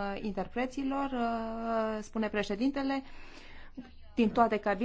Uh, interpreților, uh, spune președintele, din toate cabinele.